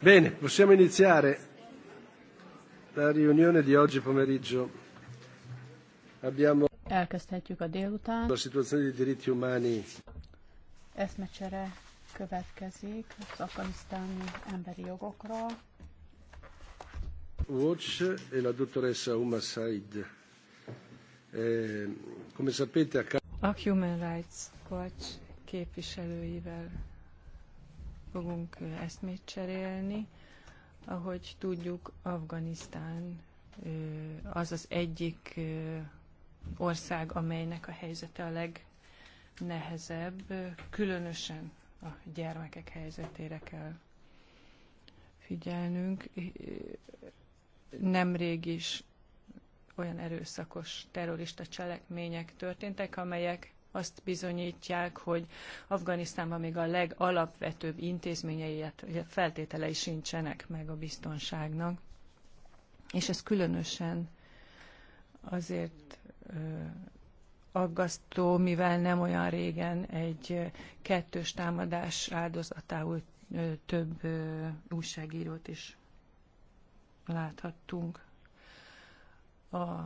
Bene, possiamo iniziare la riunione di oggi pomeriggio. Abbiamo Elkezdhetjük a délután. A situazione dei diritti umani. Eszmecsere következik az afganisztáni emberi jogokról. Watch e la dottoressa Uma Said. Eh, come sapete, a... a Human Rights Watch képviselőivel fogunk eszmét cserélni. Ahogy tudjuk, Afganisztán az az egyik ország, amelynek a helyzete a legnehezebb, különösen a gyermekek helyzetére kell figyelnünk. Nemrég is olyan erőszakos terrorista cselekmények történtek, amelyek azt bizonyítják, hogy Afganisztánban még a legalapvetőbb intézményei, hát feltételei sincsenek meg a biztonságnak. És ez különösen azért aggasztó, mivel nem olyan régen egy kettős támadás áldozatául több újságírót is láthattunk. A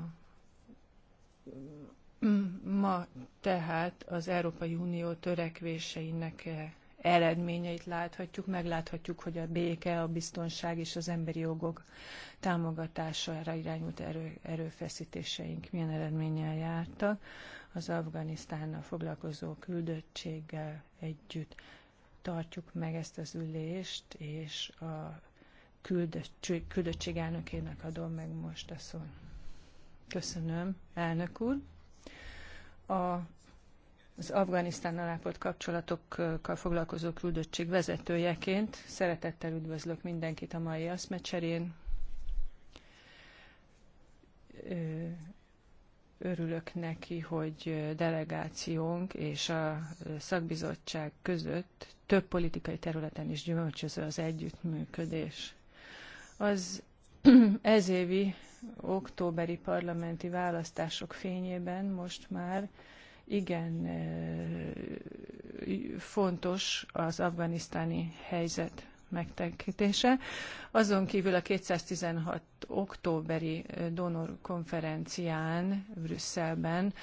Ma tehát az Európai Unió törekvéseinek eh, eredményeit láthatjuk, megláthatjuk, hogy a béke, a biztonság és az emberi jogok támogatására irányult erő, erőfeszítéseink milyen eredménnyel jártak. Az Afganisztánnal foglalkozó küldöttséggel együtt tartjuk meg ezt az ülést, és a küldöttség, küldöttség elnökének adom meg most a szót. Köszönöm, elnök úr a az Afganisztánnal alápolt kapcsolatokkal foglalkozó küldöttség vezetőjeként. Szeretettel üdvözlök mindenkit a mai aszmecserén. Örülök neki, hogy delegációnk és a szakbizottság között több politikai területen is gyümölcsöző az együttműködés. Az ezévi októberi parlamenti választások fényében most már igen fontos az afganisztáni helyzet megtekintése. Azon kívül a 216 októberi donor konferencián Brüsszelben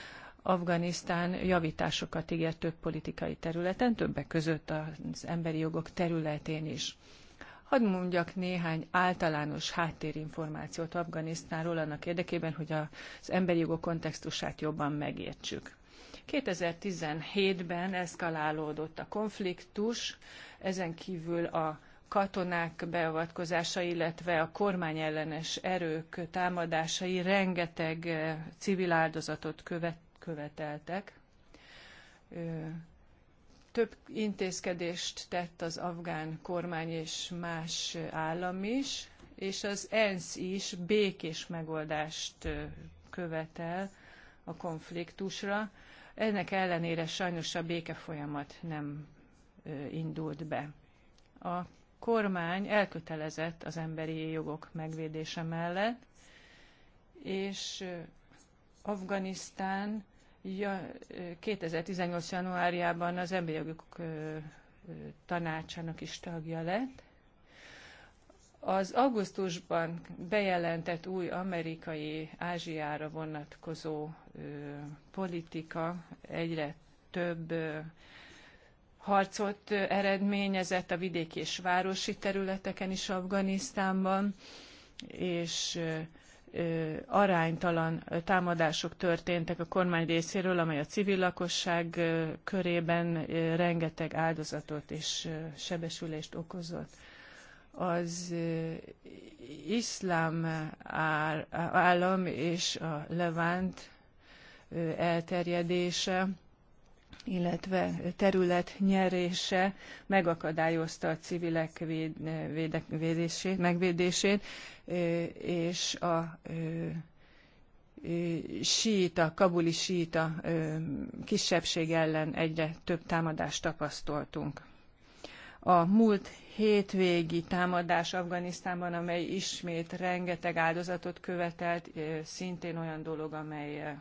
Afganisztán javításokat ígért több politikai területen, többek között az emberi jogok területén is. Hadd mondjak néhány általános háttérinformációt Afganisztánról annak érdekében, hogy az emberi jogok kontextusát jobban megértsük. 2017-ben eszkalálódott a konfliktus, ezen kívül a katonák beavatkozása, illetve a kormányellenes erők támadásai rengeteg civil áldozatot követ, követeltek több intézkedést tett az afgán kormány és más állam is, és az ENSZ is békés megoldást követel a konfliktusra. Ennek ellenére sajnos a béke folyamat nem indult be. A kormány elkötelezett az emberi jogok megvédése mellett, és Afganisztán Ja, 2018. januárjában az emberi jogok tanácsának is tagja lett. Az augusztusban bejelentett új amerikai Ázsiára vonatkozó ö, politika egyre több ö, harcot eredményezett a vidéki és városi területeken is Afganisztánban, és ö, aránytalan támadások történtek a kormány részéről, amely a civil lakosság körében rengeteg áldozatot és sebesülést okozott. Az iszlám állam és a levánt elterjedése illetve terület nyerése megakadályozta a civilek védését, megvédését, és a síta, kabuli síta kisebbség ellen egyre több támadást tapasztaltunk. A múlt hétvégi támadás Afganisztánban, amely ismét rengeteg áldozatot követelt, szintén olyan dolog, amely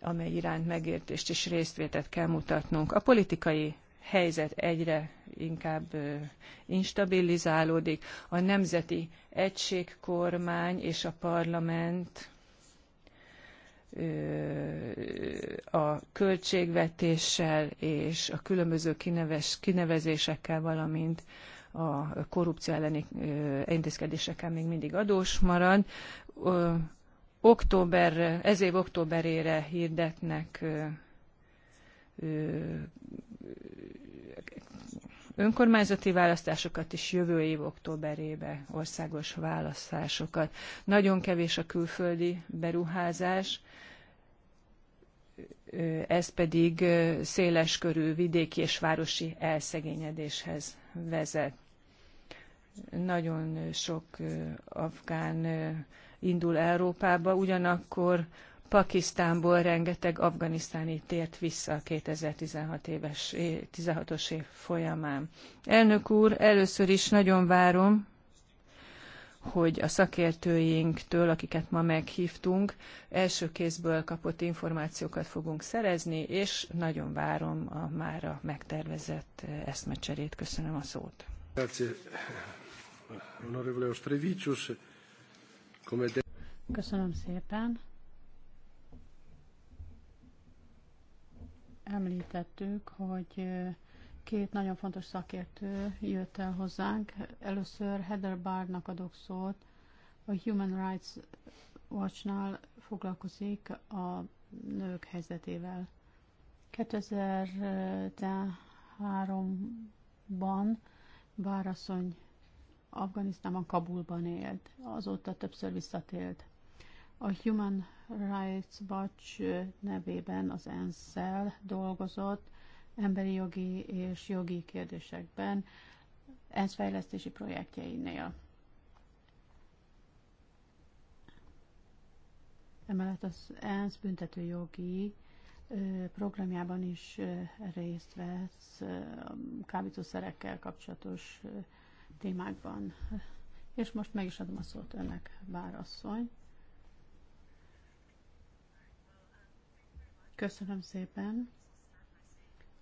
amely iránt megértést és résztvétet kell mutatnunk. A politikai helyzet egyre inkább instabilizálódik. A nemzeti egységkormány és a parlament a költségvetéssel és a különböző kineves, kinevezésekkel, valamint a korrupció elleni intézkedésekkel még mindig adós marad október, ez év októberére hirdetnek önkormányzati választásokat és jövő év októberébe országos választásokat. Nagyon kevés a külföldi beruházás, ez pedig széles körű vidéki és városi elszegényedéshez vezet. Nagyon sok afgán indul Európába, ugyanakkor Pakisztánból rengeteg afganisztáni tért vissza a 2016 éves, 16-os év folyamán. Elnök úr, először is nagyon várom, hogy a szakértőinktől, akiket ma meghívtunk, első kézből kapott információkat fogunk szerezni, és nagyon várom a mára megtervezett eh, eszmecserét. Köszönöm a szót. Grazie. Onorevole Ostrevicius. Köszönöm szépen. Említettük, hogy két nagyon fontos szakértő jött el hozzánk. Először Heather Bardnak adok szót, a Human Rights Watchnál foglalkozik a nők helyzetével. 2013-ban Bárasszony Afganisztánban, Kabulban élt, azóta többször visszatért. A Human Rights Watch nevében az ensz dolgozott emberi jogi és jogi kérdésekben, ENSZ fejlesztési projektjeinél. Emellett az ENSZ büntetőjogi programjában is részt vesz kábítószerekkel kapcsolatos témákban. És most meg is adom a szót önnek, Bárasszony. Köszönöm szépen.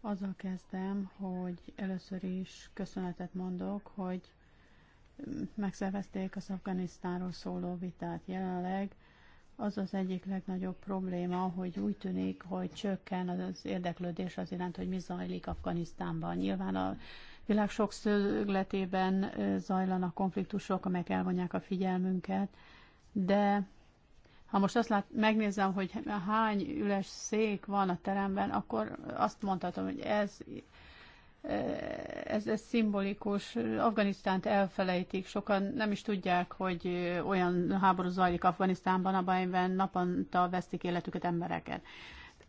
Azzal kezdem, hogy először is köszönetet mondok, hogy megszervezték az Afganisztánról szóló vitát jelenleg. Az az egyik legnagyobb probléma, hogy úgy tűnik, hogy csökken az érdeklődés az iránt, hogy mi zajlik Afganisztánban. Nyilván a világ sok szögletében zajlanak konfliktusok, amelyek elvonják a figyelmünket, de ha most azt lát, megnézem, hogy hány üles szék van a teremben, akkor azt mondhatom, hogy ez, ez, ez szimbolikus. Afganisztánt elfelejtik, sokan nem is tudják, hogy olyan háború zajlik Afganisztánban, amelyben naponta vesztik életüket embereket.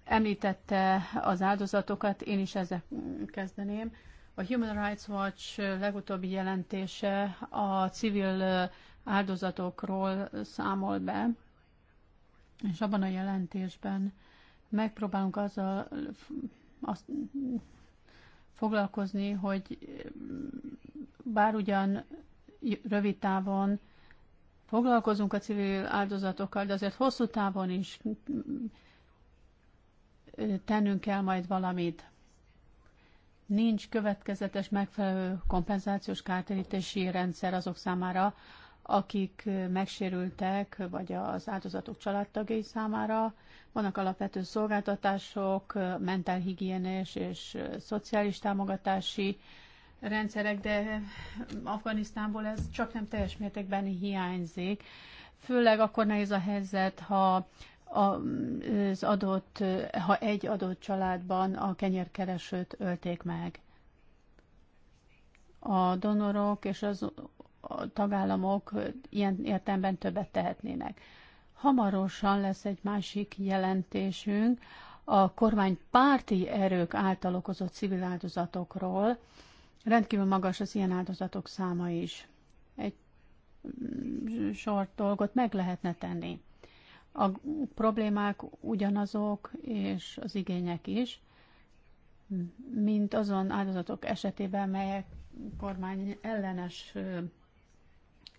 Említette az áldozatokat, én is ezzel kezdeném. A Human Rights Watch legutóbbi jelentése a civil áldozatokról számol be, és abban a jelentésben megpróbálunk azzal azt foglalkozni, hogy bár ugyan rövid távon foglalkozunk a civil áldozatokkal, de azért hosszú távon is tennünk kell majd valamit nincs következetes megfelelő kompenzációs kártérítési rendszer azok számára, akik megsérültek, vagy az áldozatok családtagjai számára. Vannak alapvető szolgáltatások, mentálhigiénés és szociális támogatási rendszerek, de Afganisztánból ez csak nem teljes mértékben hiányzik. Főleg akkor nehéz a helyzet, ha az adott, ha egy adott családban a kenyérkeresőt ölték meg. A donorok és az a tagállamok ilyen értelemben többet tehetnének. Hamarosan lesz egy másik jelentésünk a kormány párti erők által okozott civil áldozatokról. Rendkívül magas az ilyen áldozatok száma is. Egy mm, sor dolgot meg lehetne tenni. A problémák ugyanazok, és az igények is, mint azon áldozatok esetében, melyek kormány ellenes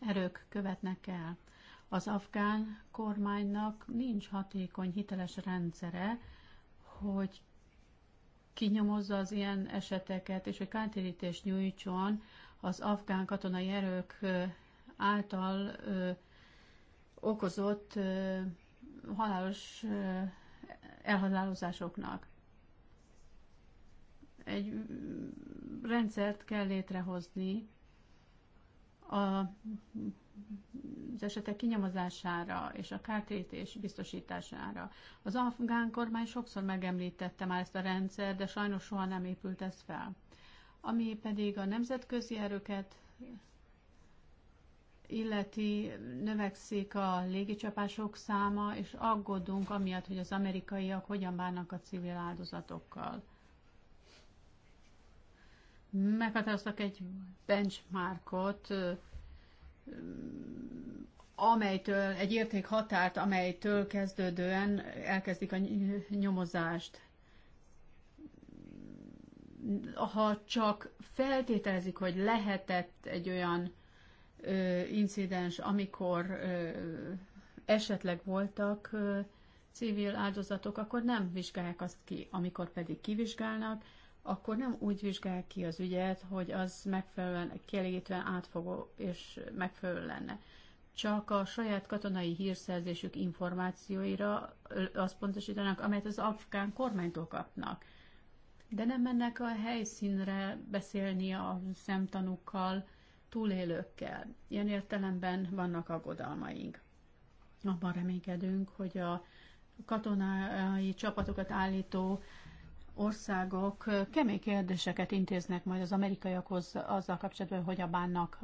erők követnek el. Az afgán kormánynak nincs hatékony, hiteles rendszere, hogy kinyomozza az ilyen eseteket, és hogy kártérítést nyújtson az afgán katonai erők által ö, okozott ö, halálos elhatározásoknak. Egy rendszert kell létrehozni a, az esetek kinyomozására és a kártérítés biztosítására. Az afgán kormány sokszor megemlítette már ezt a rendszer, de sajnos soha nem épült ez fel. Ami pedig a nemzetközi erőket illeti növekszik a légicsapások száma, és aggódunk amiatt, hogy az amerikaiak hogyan bánnak a civil áldozatokkal. Meghatároztak egy benchmarkot, amelytől, egy értékhatárt, amelytől kezdődően elkezdik a nyomozást. Ha csak feltételezik, hogy lehetett egy olyan incidens, amikor esetleg voltak civil áldozatok, akkor nem vizsgálják azt ki. Amikor pedig kivizsgálnak, akkor nem úgy vizsgálják ki az ügyet, hogy az megfelelően kielégítően átfogó és megfelelő lenne. Csak a saját katonai hírszerzésük információira azt pontosítanak, amelyet az afgán kormánytól kapnak. De nem mennek a helyszínre beszélni a szemtanúkkal, túlélőkkel. Ilyen értelemben vannak aggodalmaink. Abban reménykedünk, hogy a katonai csapatokat állító országok kemény kérdéseket intéznek majd az amerikaiakhoz azzal kapcsolatban, hogy a bánnak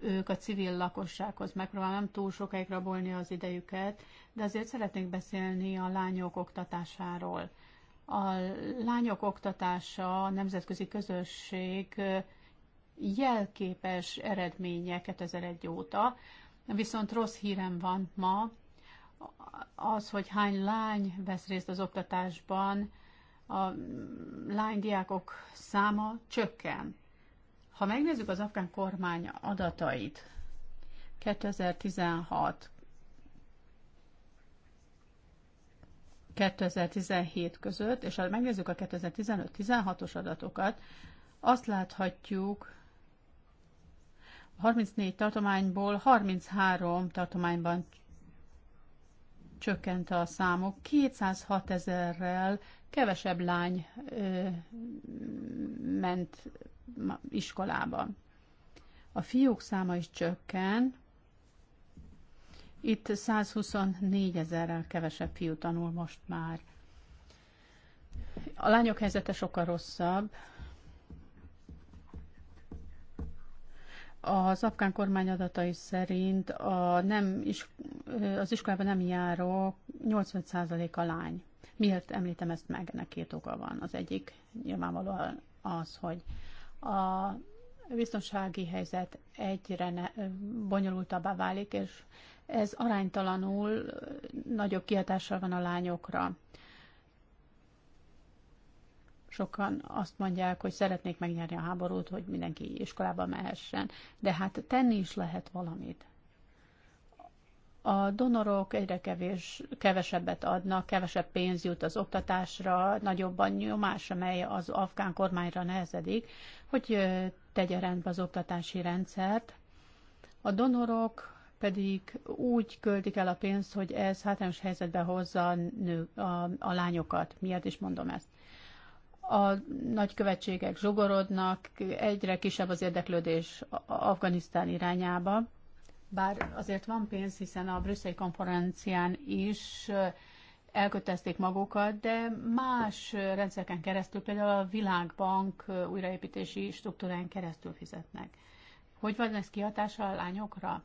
ők a civil lakossághoz. Megpróbálom nem túl sokáig rabolni az idejüket, de azért szeretnék beszélni a lányok oktatásáról. A lányok oktatása a nemzetközi közösség jelképes eredménye 2001 óta, viszont rossz hírem van ma, az, hogy hány lány vesz részt az oktatásban, a lánydiákok száma csökken. Ha megnézzük az afgán kormány adatait, 2016 2017 között, és ha megnézzük a 2015-16-os adatokat, azt láthatjuk, 34 tartományból 33 tartományban csökkent a számok. 206 ezerrel kevesebb lány ö, ment iskolába. A fiúk száma is csökken. Itt 124 ezerrel kevesebb fiú tanul most már. A lányok helyzete sokkal rosszabb. Az afgán kormány adatai szerint a nem is, az iskolában nem járó 85% a lány. Miért említem ezt meg? Ennek két oka van. Az egyik nyilvánvalóan az, hogy a biztonsági helyzet egyre ne, bonyolultabbá válik, és ez aránytalanul nagyobb kihatással van a lányokra. Sokan azt mondják, hogy szeretnék megnyerni a háborút, hogy mindenki iskolába mehessen, de hát tenni is lehet valamit. A donorok egyre kevés, kevesebbet adnak, kevesebb pénz jut az oktatásra, nagyobb a nyomás, amely az afgán kormányra nehezedik, hogy tegye rendbe az oktatási rendszert. A donorok pedig úgy költik el a pénzt, hogy ez hátrányos helyzetbe hozza a, nő, a, a lányokat. Miért is mondom ezt? a nagykövetségek zsugorodnak, egyre kisebb az érdeklődés Afganisztán irányába, bár azért van pénz, hiszen a brüsszeli konferencián is elkötelezték magukat, de más rendszereken keresztül, például a Világbank újraépítési struktúrán keresztül fizetnek. Hogy van ez kihatása a lányokra?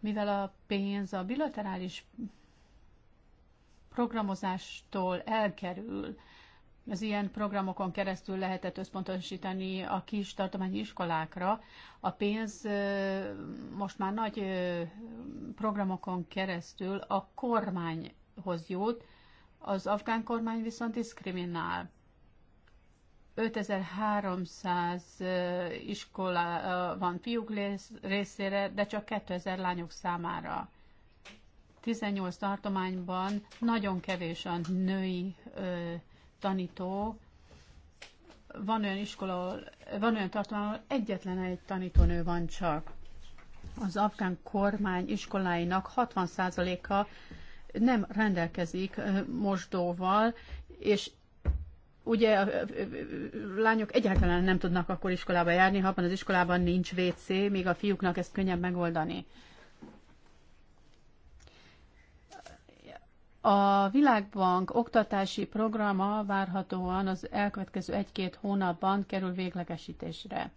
Mivel a pénz a bilaterális programozástól elkerül, az ilyen programokon keresztül lehetett összpontosítani a kis tartományi iskolákra. A pénz most már nagy programokon keresztül a kormányhoz jut, az afgán kormány viszont diszkriminál. 5300 iskola van fiúk részére, de csak 2000 lányok számára. 18 tartományban nagyon kevés a női tanító, van olyan iskola, van olyan tartalom, ahol egyetlen egy tanítónő van csak. Az afgán kormány iskoláinak 60%-a nem rendelkezik mosdóval, és ugye a lányok egyáltalán nem tudnak akkor iskolába járni, ha abban az iskolában nincs WC, még a fiúknak ezt könnyebb megoldani. A Világbank oktatási programa várhatóan az elkövetkező egy-két hónapban kerül véglegesítésre.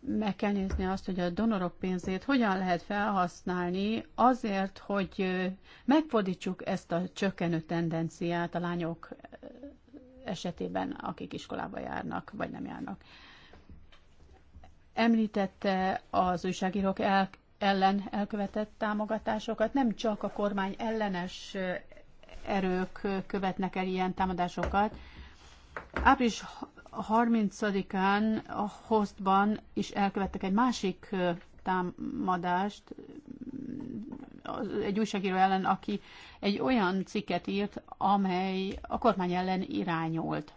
Meg kell nézni azt, hogy a donorok pénzét hogyan lehet felhasználni azért, hogy megfordítsuk ezt a csökkenő tendenciát a lányok esetében, akik iskolába járnak, vagy nem járnak. Említette az újságírók el ellen elkövetett támogatásokat. Nem csak a kormány ellenes erők követnek el ilyen támadásokat. Április 30-án a hostban is elkövettek egy másik támadást egy újságíró ellen, aki egy olyan cikket írt, amely a kormány ellen irányult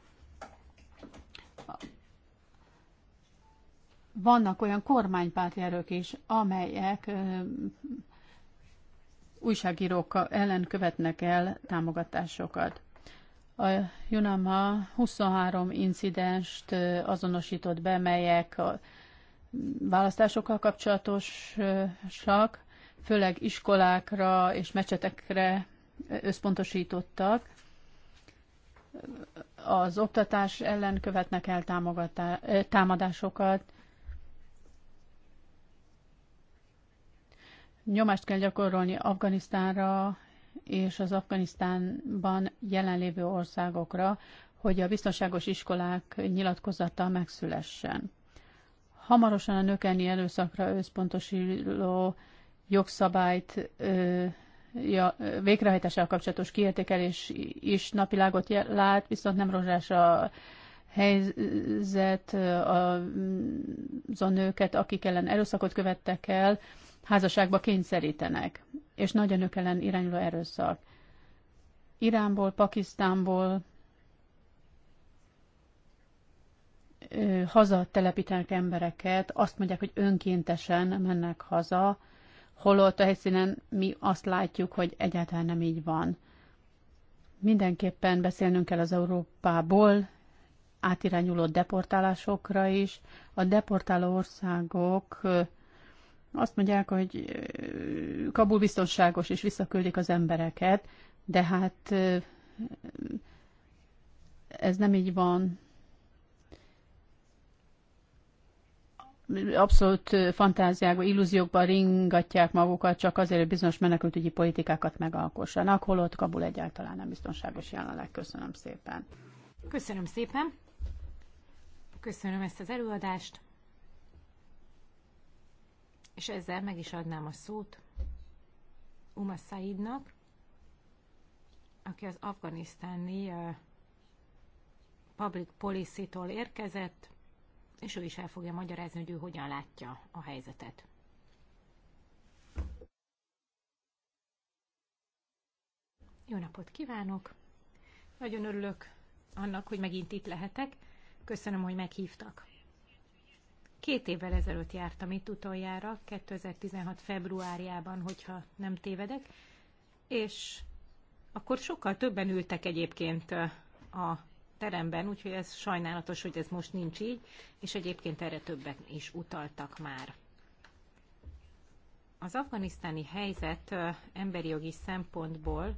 vannak olyan kormánypárti erők is, amelyek újságírók ellen követnek el támogatásokat. A Junama 23 incidenst azonosított be, melyek a választásokkal kapcsolatosak, főleg iskolákra és mecsetekre összpontosítottak. Az oktatás ellen követnek el támadásokat, nyomást kell gyakorolni Afganisztánra és az Afganisztánban jelenlévő országokra, hogy a biztonságos iskolák nyilatkozata megszülessen. Hamarosan a nökeni előszakra összpontosító jogszabályt ö, ja, végrehajtással kapcsolatos kiértékelés is napilágot lát, viszont nem rozsás a helyzet mm, azon nőket, akik ellen erőszakot követtek el, házasságba kényszerítenek, és nagy nők ellen irányuló erőszak. Iránból, Pakisztánból ö, haza telepítenek embereket, azt mondják, hogy önkéntesen mennek haza, holott a helyszínen mi azt látjuk, hogy egyáltalán nem így van. Mindenképpen beszélnünk kell az Európából átirányuló deportálásokra is. A deportáló országok azt mondják, hogy Kabul biztonságos, és visszaküldik az embereket, de hát ez nem így van. Abszolút fantáziákba, illúziókba ringatják magukat, csak azért, hogy bizonyos menekültügyi politikákat megalkossanak, holott Kabul egyáltalán nem biztonságos jelenleg. Köszönöm szépen. Köszönöm szépen. Köszönöm ezt az előadást. És ezzel meg is adnám a szót Uma Saidnak, aki az afganisztáni public policy-tól érkezett, és ő is el fogja magyarázni, hogy ő hogyan látja a helyzetet. Jó napot kívánok! Nagyon örülök annak, hogy megint itt lehetek. Köszönöm, hogy meghívtak. Két évvel ezelőtt jártam itt utoljára, 2016. februárjában, hogyha nem tévedek, és akkor sokkal többen ültek egyébként a teremben, úgyhogy ez sajnálatos, hogy ez most nincs így, és egyébként erre többen is utaltak már. Az afganisztáni helyzet emberi jogi szempontból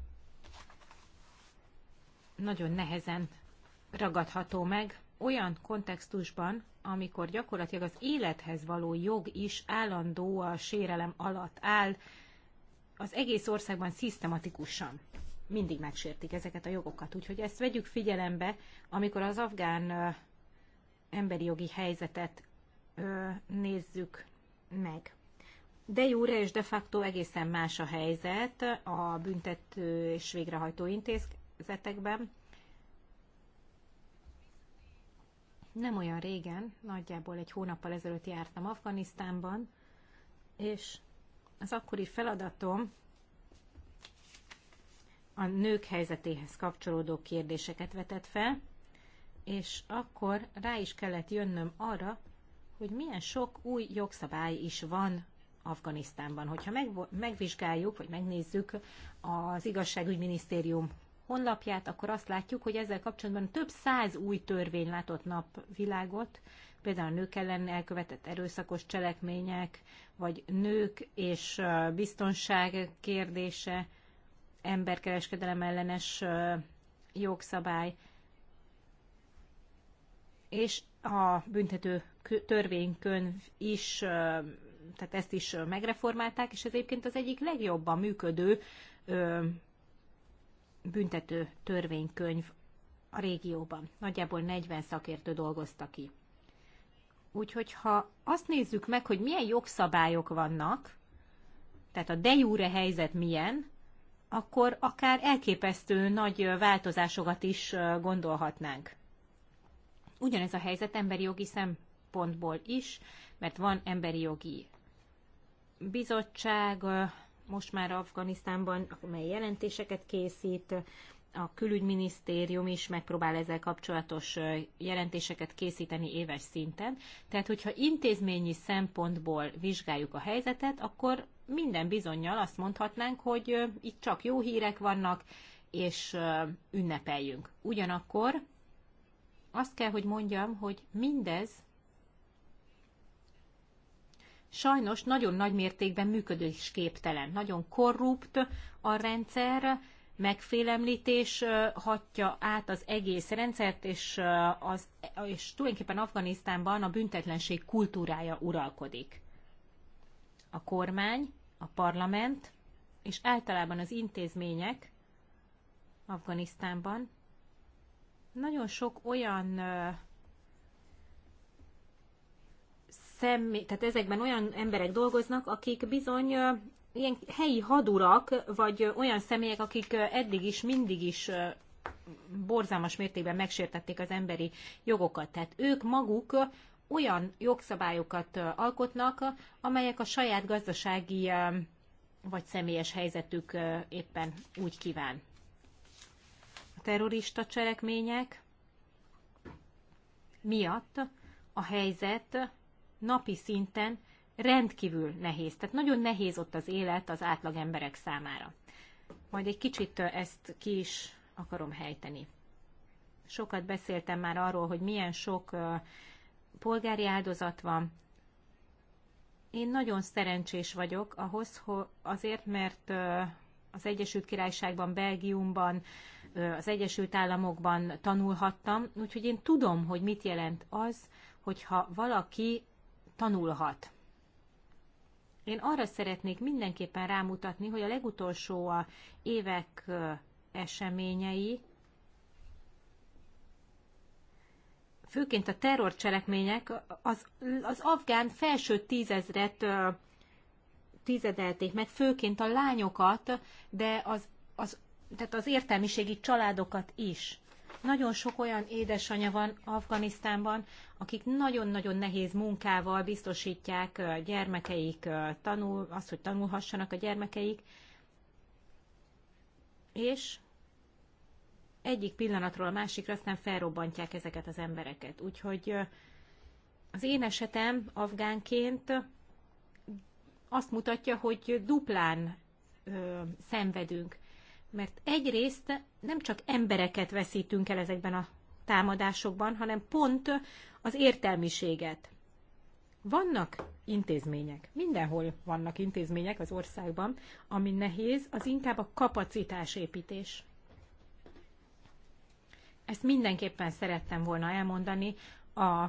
nagyon nehezen ragadható meg olyan kontextusban, amikor gyakorlatilag az élethez való jog is állandó a sérelem alatt áll, az egész országban szisztematikusan mindig megsértik ezeket a jogokat. Úgyhogy ezt vegyük figyelembe, amikor az afgán emberi jogi helyzetet nézzük meg. De jóre és de facto egészen más a helyzet a büntető és végrehajtó intézetekben. Nem olyan régen, nagyjából egy hónappal ezelőtt jártam Afganisztánban, és az akkori feladatom a nők helyzetéhez kapcsolódó kérdéseket vetett fel, és akkor rá is kellett jönnöm arra, hogy milyen sok új jogszabály is van Afganisztánban. Hogyha megvizsgáljuk, vagy megnézzük az igazságügyminisztérium honlapját, akkor azt látjuk, hogy ezzel kapcsolatban több száz új törvény látott napvilágot, például a nők ellen elkövetett erőszakos cselekmények, vagy nők és biztonság kérdése, emberkereskedelem ellenes jogszabály, és a büntető törvénykönyv is, tehát ezt is megreformálták, és ez egyébként az egyik legjobban működő büntető törvénykönyv a régióban. Nagyjából 40 szakértő dolgozta ki. Úgyhogy ha azt nézzük meg, hogy milyen jogszabályok vannak, tehát a de jure helyzet milyen, akkor akár elképesztő nagy változásokat is gondolhatnánk. Ugyanez a helyzet emberi jogi szempontból is, mert van emberi jogi bizottság, most már Afganisztánban, amely jelentéseket készít, a külügyminisztérium is megpróbál ezzel kapcsolatos jelentéseket készíteni éves szinten. Tehát, hogyha intézményi szempontból vizsgáljuk a helyzetet, akkor minden bizonyal azt mondhatnánk, hogy itt csak jó hírek vannak, és ünnepeljünk. Ugyanakkor azt kell, hogy mondjam, hogy mindez sajnos nagyon nagy mértékben működésképtelen. Nagyon korrupt a rendszer, megfélemlítés hatja át az egész rendszert, és, az, és tulajdonképpen Afganisztánban a büntetlenség kultúrája uralkodik. A kormány, a parlament, és általában az intézmények Afganisztánban nagyon sok olyan személy, tehát ezekben olyan emberek dolgoznak, akik bizony ilyen helyi hadurak, vagy olyan személyek, akik eddig is, mindig is borzalmas mértékben megsértették az emberi jogokat. Tehát ők maguk olyan jogszabályokat alkotnak, amelyek a saját gazdasági vagy személyes helyzetük éppen úgy kíván. A terrorista cselekmények miatt a helyzet napi szinten rendkívül nehéz. Tehát nagyon nehéz ott az élet az átlag emberek számára. Majd egy kicsit ezt ki is akarom helyteni. Sokat beszéltem már arról, hogy milyen sok polgári áldozat van. Én nagyon szerencsés vagyok ahhoz, hogy azért, mert az Egyesült Királyságban, Belgiumban, az Egyesült Államokban tanulhattam, úgyhogy én tudom, hogy mit jelent az, hogyha valaki tanulhat. Én arra szeretnék mindenképpen rámutatni, hogy a legutolsó a évek eseményei, főként a terrorcselekmények az, az afgán felső tízezret tizedelték meg, főként a lányokat, de az, az, tehát az értelmiségi családokat is. Nagyon sok olyan édesanya van Afganisztánban, akik nagyon-nagyon nehéz munkával biztosítják gyermekeik, tanul, azt, hogy tanulhassanak a gyermekeik, és egyik pillanatról a másikra aztán felrobbantják ezeket az embereket. Úgyhogy az én esetem afgánként azt mutatja, hogy duplán ö, szenvedünk. Mert egyrészt nem csak embereket veszítünk el ezekben a támadásokban, hanem pont az értelmiséget. Vannak intézmények, mindenhol vannak intézmények az országban, ami nehéz, az inkább a kapacitásépítés. Ezt mindenképpen szerettem volna elmondani a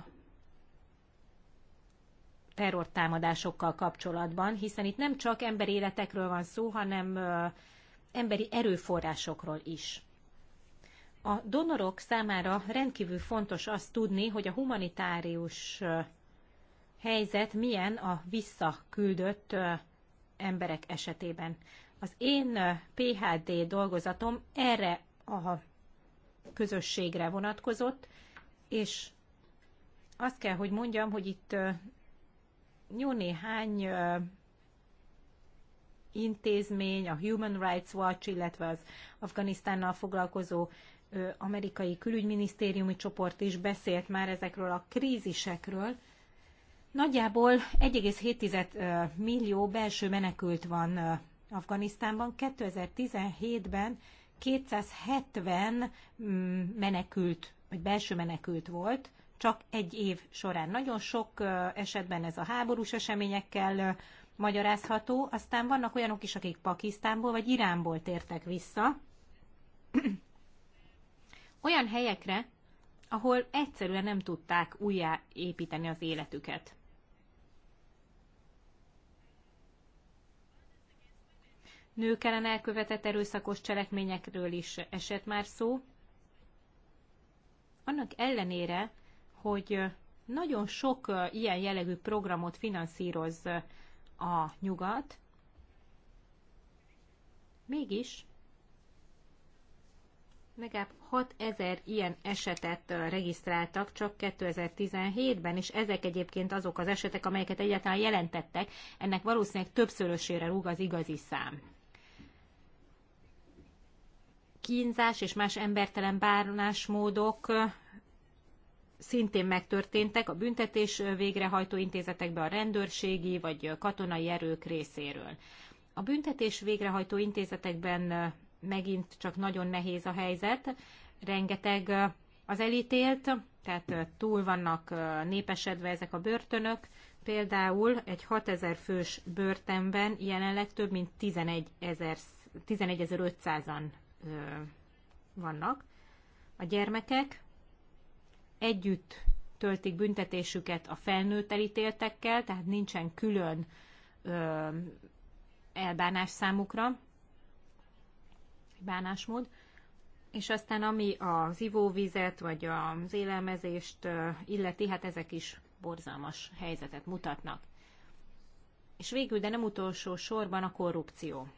terrortámadásokkal kapcsolatban, hiszen itt nem csak emberéletekről van szó, hanem emberi erőforrásokról is. A donorok számára rendkívül fontos azt tudni, hogy a humanitárius helyzet milyen a visszaküldött emberek esetében. Az én PHD dolgozatom erre a közösségre vonatkozott, és azt kell, hogy mondjam, hogy itt jó néhány intézmény, a Human Rights Watch, illetve az Afganisztánnal foglalkozó amerikai külügyminisztériumi csoport is beszélt már ezekről a krízisekről. Nagyjából 1,7 millió belső menekült van Afganisztánban. 2017-ben 270 mm, menekült, vagy belső menekült volt, csak egy év során. Nagyon sok esetben ez a háborús eseményekkel magyarázható. Aztán vannak olyanok is, akik Pakisztánból vagy Iránból tértek vissza. Olyan helyekre, ahol egyszerűen nem tudták újjáépíteni az életüket. Nők ellen elkövetett erőszakos cselekményekről is esett már szó. Annak ellenére, hogy nagyon sok ilyen jellegű programot finanszíroz a nyugat, mégis legalább 6000 ilyen esetet regisztráltak csak 2017-ben, és ezek egyébként azok az esetek, amelyeket egyáltalán jelentettek, ennek valószínűleg többszörösére rúg az igazi szám. Kínzás és más embertelen bánásmódok szintén megtörténtek a büntetés végrehajtó intézetekbe a rendőrségi vagy katonai erők részéről. A büntetés végrehajtó intézetekben megint csak nagyon nehéz a helyzet, rengeteg az elítélt, tehát túl vannak népesedve ezek a börtönök, például egy 6000 fős börtönben jelenleg több mint 11.500-an 11 vannak a gyermekek, együtt töltik büntetésüket a felnőtt elítéltekkel, tehát nincsen külön ö, elbánás számukra, bánásmód. És aztán ami az ivóvizet, vagy az élelmezést illeti, hát ezek is borzalmas helyzetet mutatnak. És végül, de nem utolsó sorban a korrupció,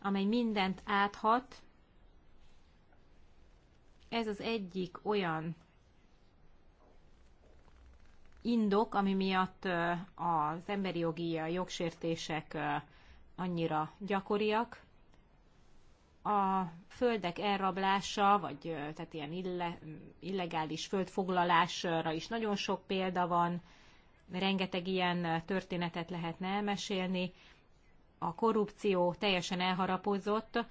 amely mindent áthat. Ez az egyik olyan indok, ami miatt az emberi jogi jogsértések annyira gyakoriak. A földek elrablása, vagy tehát ilyen ille, illegális földfoglalásra is nagyon sok példa van, rengeteg ilyen történetet lehetne elmesélni. A korrupció teljesen elharapozott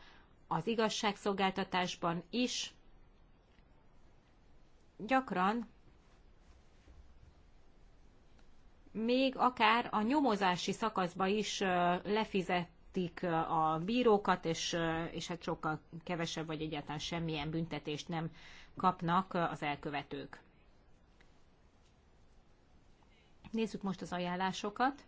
az igazságszolgáltatásban is. Gyakran még akár a nyomozási szakaszba is lefizetik a bírókat, és, és hát sokkal kevesebb vagy egyáltalán semmilyen büntetést nem kapnak az elkövetők. Nézzük most az ajánlásokat,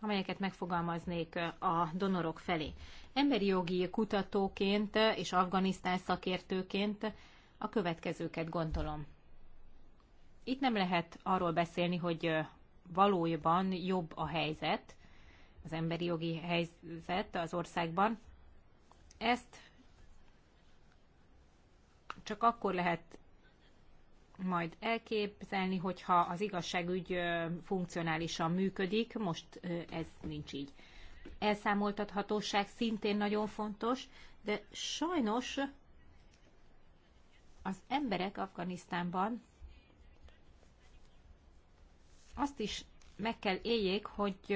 amelyeket megfogalmaznék a donorok felé. Emberi jogi kutatóként és Afganisztán szakértőként a következőket gondolom. Itt nem lehet arról beszélni, hogy valójában jobb a helyzet, az emberi jogi helyzet az országban. Ezt csak akkor lehet majd elképzelni, hogyha az igazságügy funkcionálisan működik, most ez nincs így. Elszámoltathatóság szintén nagyon fontos, de sajnos az emberek Afganisztánban azt is meg kell éljék, hogy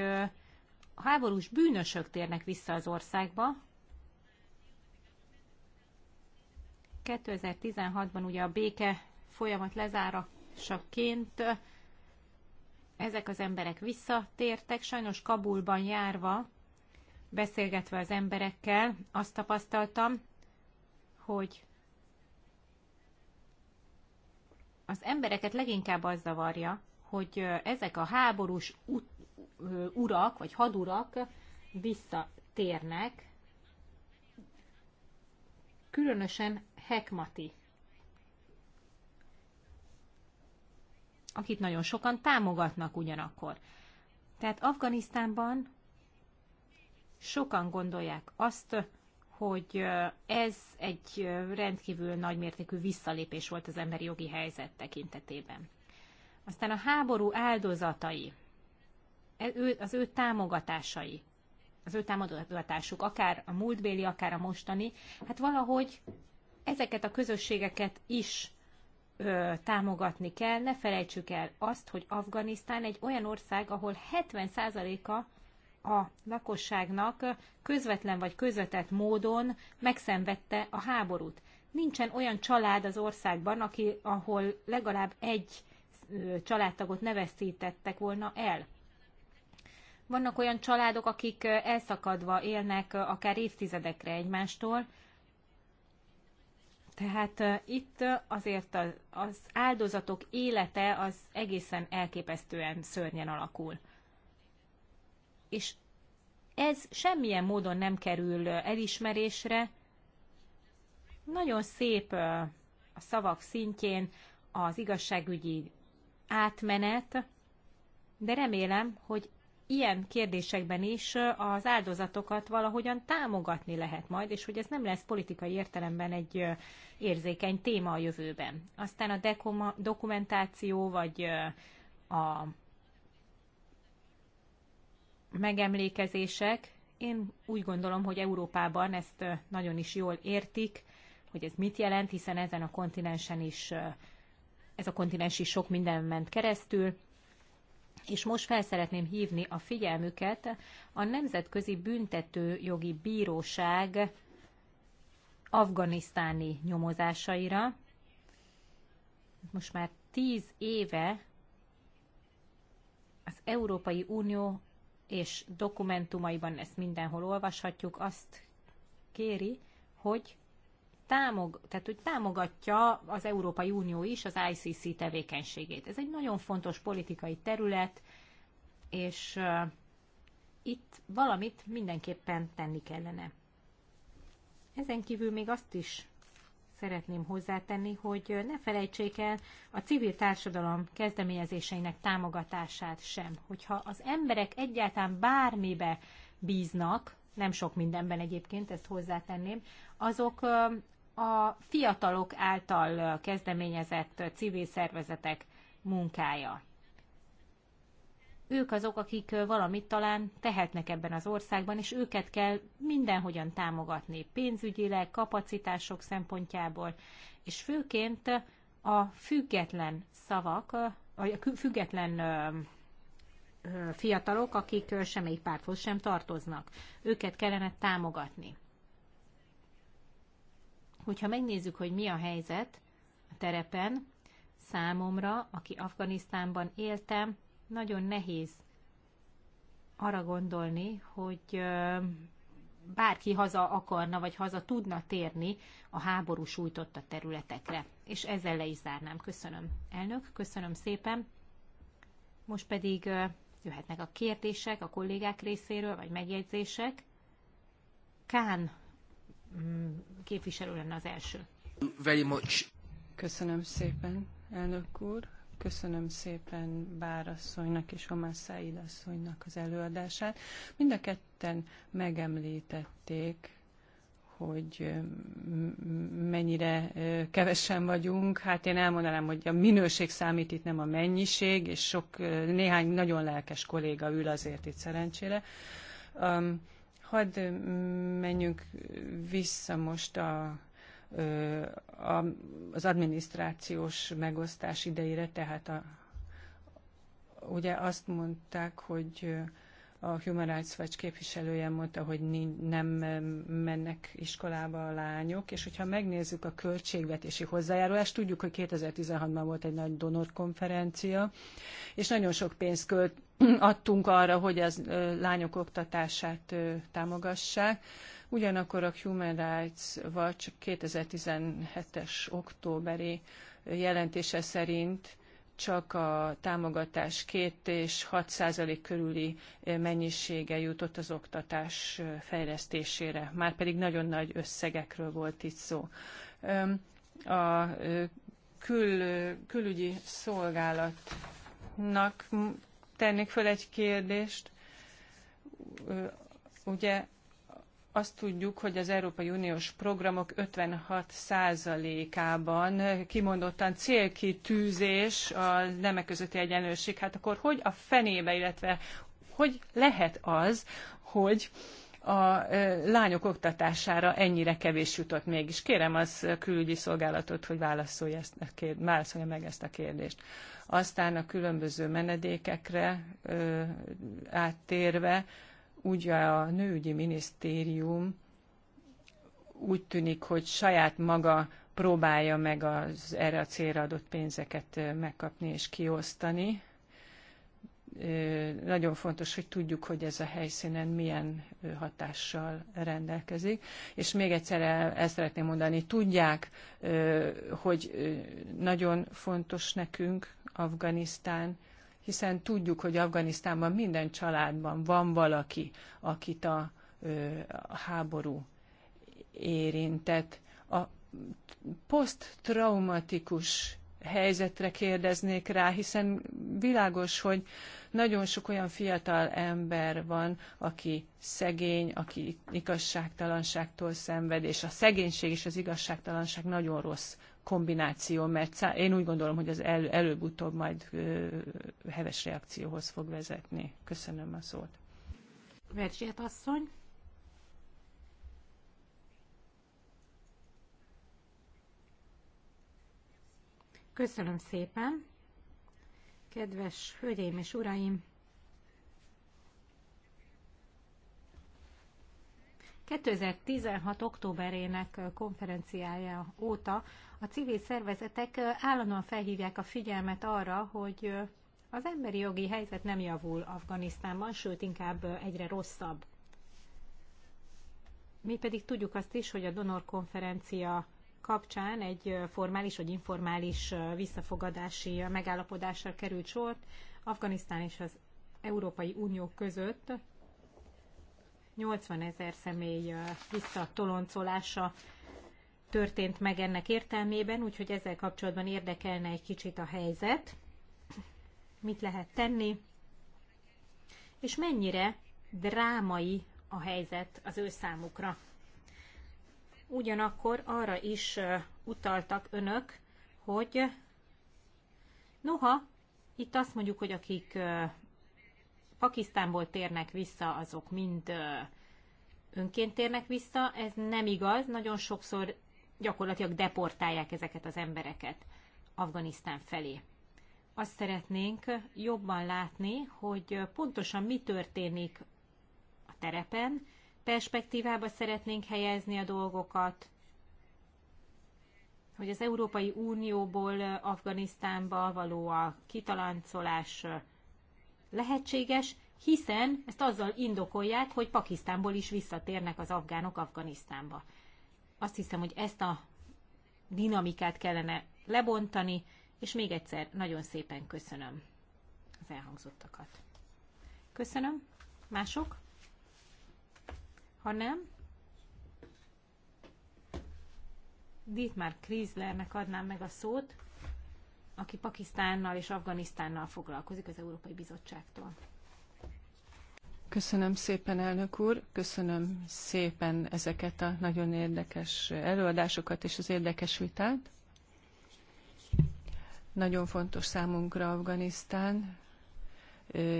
a háborús bűnösök térnek vissza az országba. 2016-ban ugye a béke folyamat lezárásaként ezek az emberek visszatértek, sajnos Kabulban járva, beszélgetve az emberekkel, azt tapasztaltam, hogy az embereket leginkább az zavarja, hogy ezek a háborús urak, vagy hadurak visszatérnek, különösen Hekmati, akit nagyon sokan támogatnak ugyanakkor. Tehát Afganisztánban sokan gondolják azt, hogy ez egy rendkívül nagymértékű visszalépés volt az emberi jogi helyzet tekintetében. Aztán a háború áldozatai, e, az ő támogatásai, az ő támogatásuk, akár a múltbéli, akár a mostani, hát valahogy ezeket a közösségeket is ö, támogatni kell. Ne felejtsük el azt, hogy Afganisztán egy olyan ország, ahol 70%-a a lakosságnak közvetlen vagy közvetett módon megszenvedte a háborút. Nincsen olyan család az országban, aki, ahol legalább egy családtagot ne veszítettek volna el. Vannak olyan családok, akik elszakadva élnek akár évtizedekre egymástól, tehát itt azért az áldozatok élete az egészen elképesztően szörnyen alakul. És ez semmilyen módon nem kerül elismerésre. Nagyon szép a szavak szintjén az igazságügyi átmenet, de remélem, hogy ilyen kérdésekben is az áldozatokat valahogyan támogatni lehet majd, és hogy ez nem lesz politikai értelemben egy érzékeny téma a jövőben. Aztán a dokumentáció, vagy a megemlékezések, én úgy gondolom, hogy Európában ezt nagyon is jól értik, hogy ez mit jelent, hiszen ezen a kontinensen is ez a kontinens is sok minden ment keresztül, és most fel szeretném hívni a figyelmüket a Nemzetközi Büntetőjogi Bíróság afganisztáni nyomozásaira. Most már tíz éve az Európai Unió és dokumentumaiban ezt mindenhol olvashatjuk, azt kéri, hogy támog, tehát, hogy támogatja az Európai Unió is az ICC tevékenységét. Ez egy nagyon fontos politikai terület, és itt valamit mindenképpen tenni kellene. Ezen kívül még azt is szeretném hozzátenni, hogy ne felejtsék el a civil társadalom kezdeményezéseinek támogatását sem. Hogyha az emberek egyáltalán bármibe bíznak, nem sok mindenben egyébként, ezt hozzátenném, azok a fiatalok által kezdeményezett civil szervezetek munkája. Ők azok, akik valamit talán tehetnek ebben az országban, és őket kell mindenhogyan támogatni pénzügyileg, kapacitások szempontjából, és főként a független szavak, a független fiatalok, akik semmelyik párthoz sem tartoznak. Őket kellene támogatni. Hogyha megnézzük, hogy mi a helyzet a terepen, számomra, aki Afganisztánban éltem, nagyon nehéz arra gondolni, hogy bárki haza akarna, vagy haza tudna térni a háború sújtotta területekre. És ezzel le is zárnám. Köszönöm, elnök, köszönöm szépen. Most pedig jöhetnek a kérdések a kollégák részéről, vagy megjegyzések. Kán Mm, képviselő lenne az első. Very much. Köszönöm szépen, elnök úr. Köszönöm szépen Bárasszonynak és Omar Said asszonynak az előadását. Mind a ketten megemlítették, hogy mennyire kevesen vagyunk. Hát én elmondanám, hogy a minőség számít itt, nem a mennyiség, és sok néhány nagyon lelkes kolléga ül azért itt szerencsére. Um, Hadd menjünk vissza most a, a, az adminisztrációs megosztás idejére, tehát a, ugye azt mondták, hogy a Human Rights Watch képviselője mondta, hogy nem mennek iskolába a lányok, és hogyha megnézzük a költségvetési hozzájárulást, tudjuk, hogy 2016-ban volt egy nagy donorkonferencia, és nagyon sok pénzt költ, adtunk arra, hogy az lányok oktatását támogassák. Ugyanakkor a Human Rights Watch 2017-es októberi jelentése szerint csak a támogatás 2 és 6 százalék körüli eh, mennyisége jutott az oktatás eh, fejlesztésére. Már pedig nagyon nagy összegekről volt itt szó. A eh, kül, külügyi szolgálatnak tennék fel egy kérdést. Ugye azt tudjuk, hogy az Európai Uniós programok 56%-ában kimondottan célkitűzés a nemek közötti egyenlőség. Hát akkor hogy a fenébe, illetve hogy lehet az, hogy a lányok oktatására ennyire kevés jutott mégis. Kérem az külügyi szolgálatot, hogy válaszolja, ezt a kérd- válaszolja meg ezt a kérdést. Aztán a különböző menedékekre ö, áttérve, Ugye a nőügyi minisztérium úgy tűnik, hogy saját maga próbálja meg az erre a célra adott pénzeket megkapni és kiosztani. Nagyon fontos, hogy tudjuk, hogy ez a helyszínen milyen hatással rendelkezik. És még egyszer el, szeretném mondani, tudják, hogy nagyon fontos nekünk Afganisztán, hiszen tudjuk, hogy Afganisztánban minden családban van valaki, akit a, a háború érintett. A poszttraumatikus helyzetre kérdeznék rá, hiszen világos, hogy nagyon sok olyan fiatal ember van, aki szegény, aki igazságtalanságtól szenved, és a szegénység és az igazságtalanság nagyon rossz kombináció, mert én úgy gondolom, hogy az el, előbb-utóbb majd ö, heves reakcióhoz fog vezetni. Köszönöm a szót. Verzsét asszony. Köszönöm szépen. Kedves hölgyeim és uraim, 2016. októberének konferenciája óta a civil szervezetek állandóan felhívják a figyelmet arra, hogy az emberi jogi helyzet nem javul Afganisztánban, sőt inkább egyre rosszabb. Mi pedig tudjuk azt is, hogy a donor konferencia kapcsán egy formális vagy informális visszafogadási megállapodásra került sor Afganisztán és az Európai Unió között 80 ezer személy visszatoloncolása történt meg ennek értelmében, úgyhogy ezzel kapcsolatban érdekelne egy kicsit a helyzet, mit lehet tenni, és mennyire drámai a helyzet az ő számukra. Ugyanakkor arra is utaltak önök, hogy noha itt azt mondjuk, hogy akik Pakisztánból térnek vissza, azok mind önként térnek vissza. Ez nem igaz, nagyon sokszor gyakorlatilag deportálják ezeket az embereket Afganisztán felé. Azt szeretnénk jobban látni, hogy pontosan mi történik a terepen, perspektívába szeretnénk helyezni a dolgokat, hogy az Európai Unióból Afganisztánba való a kitaláncolás lehetséges, hiszen ezt azzal indokolják, hogy Pakisztánból is visszatérnek az afgánok Afganisztánba. Azt hiszem, hogy ezt a dinamikát kellene lebontani, és még egyszer nagyon szépen köszönöm az elhangzottakat. Köszönöm. Mások? Ha nem, Dietmar Krizlernek adnám meg a szót, aki Pakisztánnal és Afganisztánnal foglalkozik az Európai Bizottságtól. Köszönöm szépen, elnök úr, köszönöm szépen ezeket a nagyon érdekes előadásokat és az érdekes vitát. Nagyon fontos számunkra Afganisztán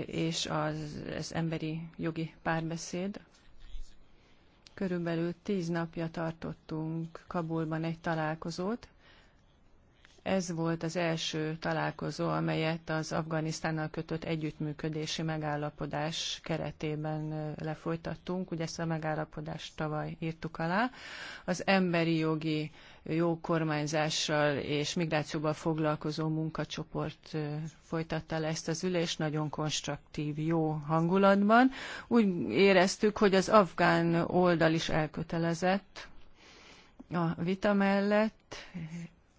és az, az emberi jogi párbeszéd. Körülbelül tíz napja tartottunk Kabulban egy találkozót, ez volt az első találkozó, amelyet az Afganisztánnal kötött együttműködési megállapodás keretében lefolytattunk. Ugye ezt a megállapodást tavaly írtuk alá. Az emberi jogi jó kormányzással és migrációval foglalkozó munkacsoport folytatta le ezt az ülést nagyon konstruktív, jó hangulatban. Úgy éreztük, hogy az afgán oldal is elkötelezett a vita mellett,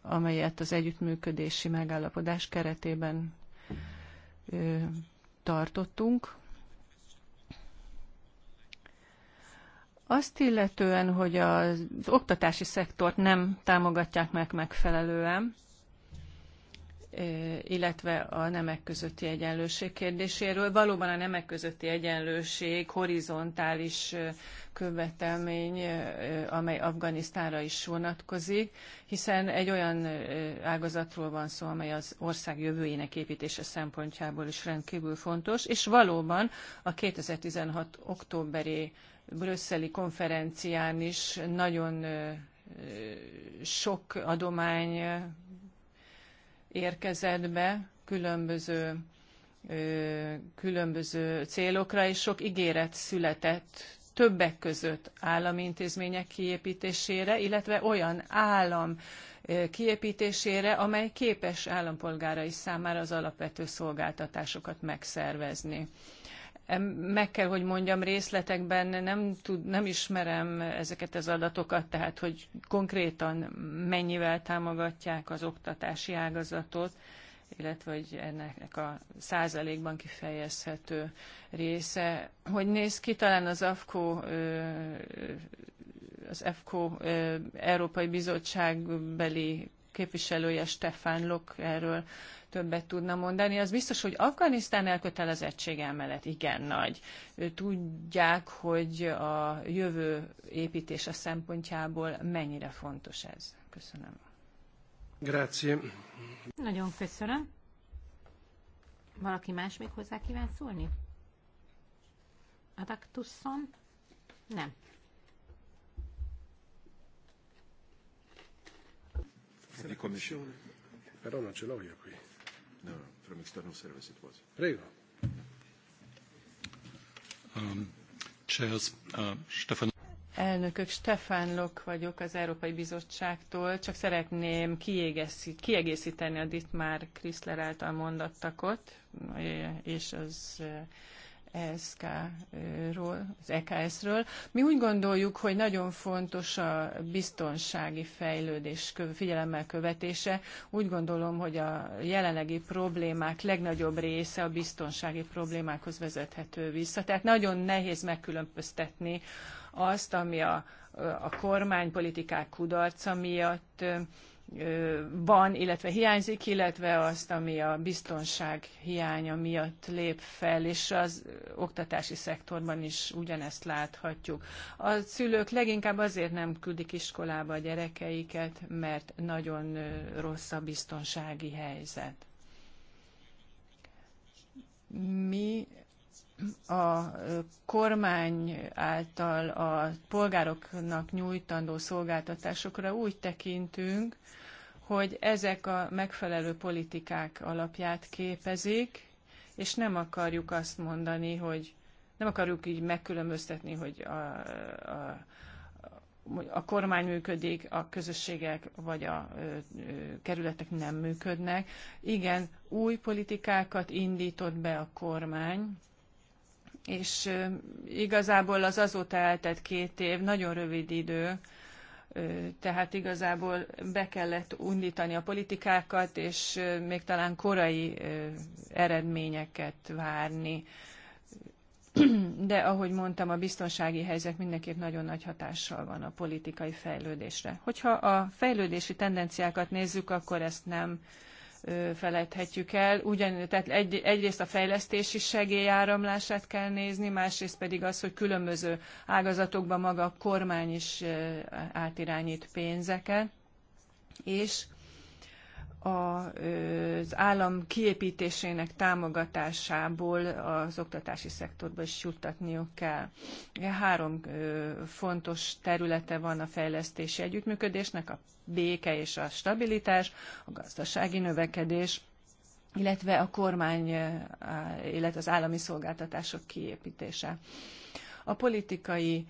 amelyet az együttműködési megállapodás keretében ö, tartottunk. Azt illetően, hogy az oktatási szektort nem támogatják meg megfelelően, illetve a nemek közötti egyenlőség kérdéséről. Valóban a nemek közötti egyenlőség horizontális követelmény, amely Afganisztánra is vonatkozik, hiszen egy olyan ágazatról van szó, amely az ország jövőjének építése szempontjából is rendkívül fontos, és valóban a 2016. októberi brüsszeli konferencián is nagyon sok adomány érkezett be különböző, különböző célokra, és sok ígéret született többek között állami intézmények kiépítésére, illetve olyan állam kiépítésére, amely képes állampolgárai számára az alapvető szolgáltatásokat megszervezni meg kell, hogy mondjam, részletekben nem, tud, nem ismerem ezeket az adatokat, tehát hogy konkrétan mennyivel támogatják az oktatási ágazatot, illetve hogy ennek a százalékban kifejezhető része. Hogy néz ki talán az AFKO, az AFKO Európai Bizottság beli képviselője Stefan Lok erről többet tudna mondani, az biztos, hogy Afganisztán elkötelezettsége mellett igen nagy. Tudják, hogy a jövő építése szempontjából mennyire fontos ez. Köszönöm. Grazie. Nagyon köszönöm. Valaki más még hozzá kíván szólni? Adaktuszon? Nem. Però non ce l'ho io qui. No, no, from external service it was. Prego. Um, chairs, uh, Stefan. Elnökök, Stefan Lok vagyok az Európai Bizottságtól. Csak szeretném kiegészíteni a Dittmár Kriszler által mondattakot, és az ESK-ról, az EKS-ről. Mi úgy gondoljuk, hogy nagyon fontos a biztonsági fejlődés figyelemmel követése. Úgy gondolom, hogy a jelenlegi problémák legnagyobb része a biztonsági problémákhoz vezethető vissza. Tehát nagyon nehéz megkülönböztetni azt, ami a, a kormánypolitikák kudarca miatt van, illetve hiányzik, illetve azt, ami a biztonság hiánya miatt lép fel, és az oktatási szektorban is ugyanezt láthatjuk. A szülők leginkább azért nem küldik iskolába a gyerekeiket, mert nagyon rossz a biztonsági helyzet. Mi a kormány által a polgároknak nyújtandó szolgáltatásokra úgy tekintünk, hogy ezek a megfelelő politikák alapját képezik, és nem akarjuk azt mondani, hogy nem akarjuk így megkülönböztetni, hogy a, a, a kormány működik, a közösségek vagy a ö, ö, kerületek nem működnek. Igen, új politikákat indított be a kormány, és igazából az azóta eltett két év nagyon rövid idő, tehát igazából be kellett undítani a politikákat, és még talán korai eredményeket várni. De ahogy mondtam, a biztonsági helyzet mindenképp nagyon nagy hatással van a politikai fejlődésre. Hogyha a fejlődési tendenciákat nézzük, akkor ezt nem felejthetjük el. Ugyan, tehát egy, egyrészt a fejlesztési segélyáramlását kell nézni, másrészt pedig az, hogy különböző ágazatokban maga a kormány is átirányít pénzeket, és az állam kiépítésének támogatásából az oktatási szektorba is juttatniuk kell. Három fontos területe van a fejlesztési együttműködésnek, a béke és a stabilitás, a gazdasági növekedés, illetve a kormány, illetve az állami szolgáltatások kiépítése. A politikai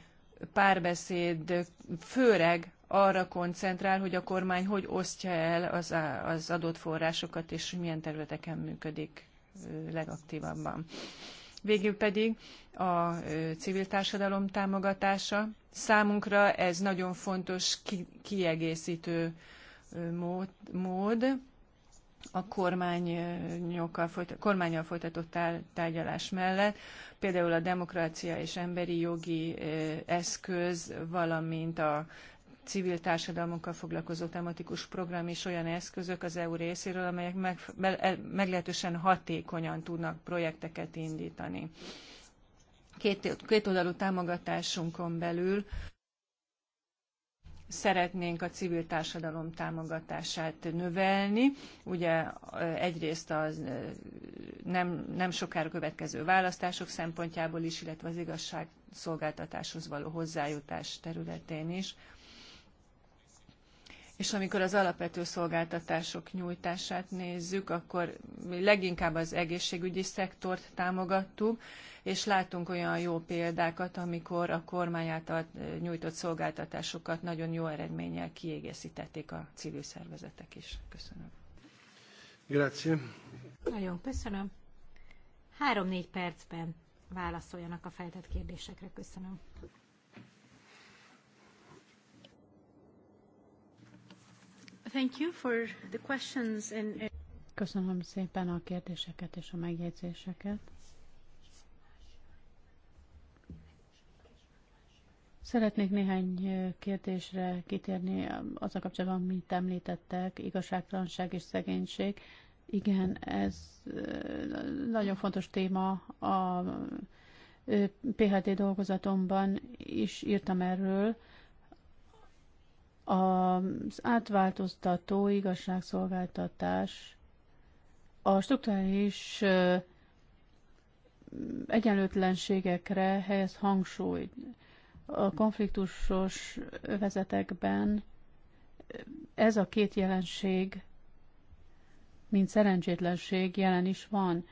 párbeszéd főleg arra koncentrál, hogy a kormány hogy osztja el az, az adott forrásokat, és milyen területeken működik legaktívabban. Végül pedig a civil társadalom támogatása. Számunkra ez nagyon fontos kiegészítő mód, mód a kormányjal folytatott tárgyalás mellett, például a demokrácia és emberi jogi eszköz, valamint a civil társadalmunkkal foglalkozó tematikus program és olyan eszközök az EU részéről, amelyek meg, e, meglehetősen hatékonyan tudnak projekteket indítani. Két, oldalú támogatásunkon belül szeretnénk a civil társadalom támogatását növelni. Ugye egyrészt az nem, nem sokára következő választások szempontjából is, illetve az igazságszolgáltatáshoz való hozzájutás területén is és amikor az alapvető szolgáltatások nyújtását nézzük, akkor leginkább az egészségügyi szektort támogattuk, és látunk olyan jó példákat, amikor a kormány által eh, nyújtott szolgáltatásokat nagyon jó eredménnyel kiegészítették a civil szervezetek is. Köszönöm. Grazie. Nagyon köszönöm. Három-négy percben válaszoljanak a feltett kérdésekre. Köszönöm. Thank you for the questions and... Köszönöm szépen a kérdéseket és a megjegyzéseket. Szeretnék néhány kérdésre kitérni az a kapcsolatban, amit említettek, igazságtalanság és szegénység. Igen, ez nagyon fontos téma. A PHD dolgozatomban is írtam erről. Az átváltoztató igazságszolgáltatás a struktúrális egyenlőtlenségekre helyez hangsúlyt. A konfliktusos övezetekben ez a két jelenség, mint szerencsétlenség jelen is van.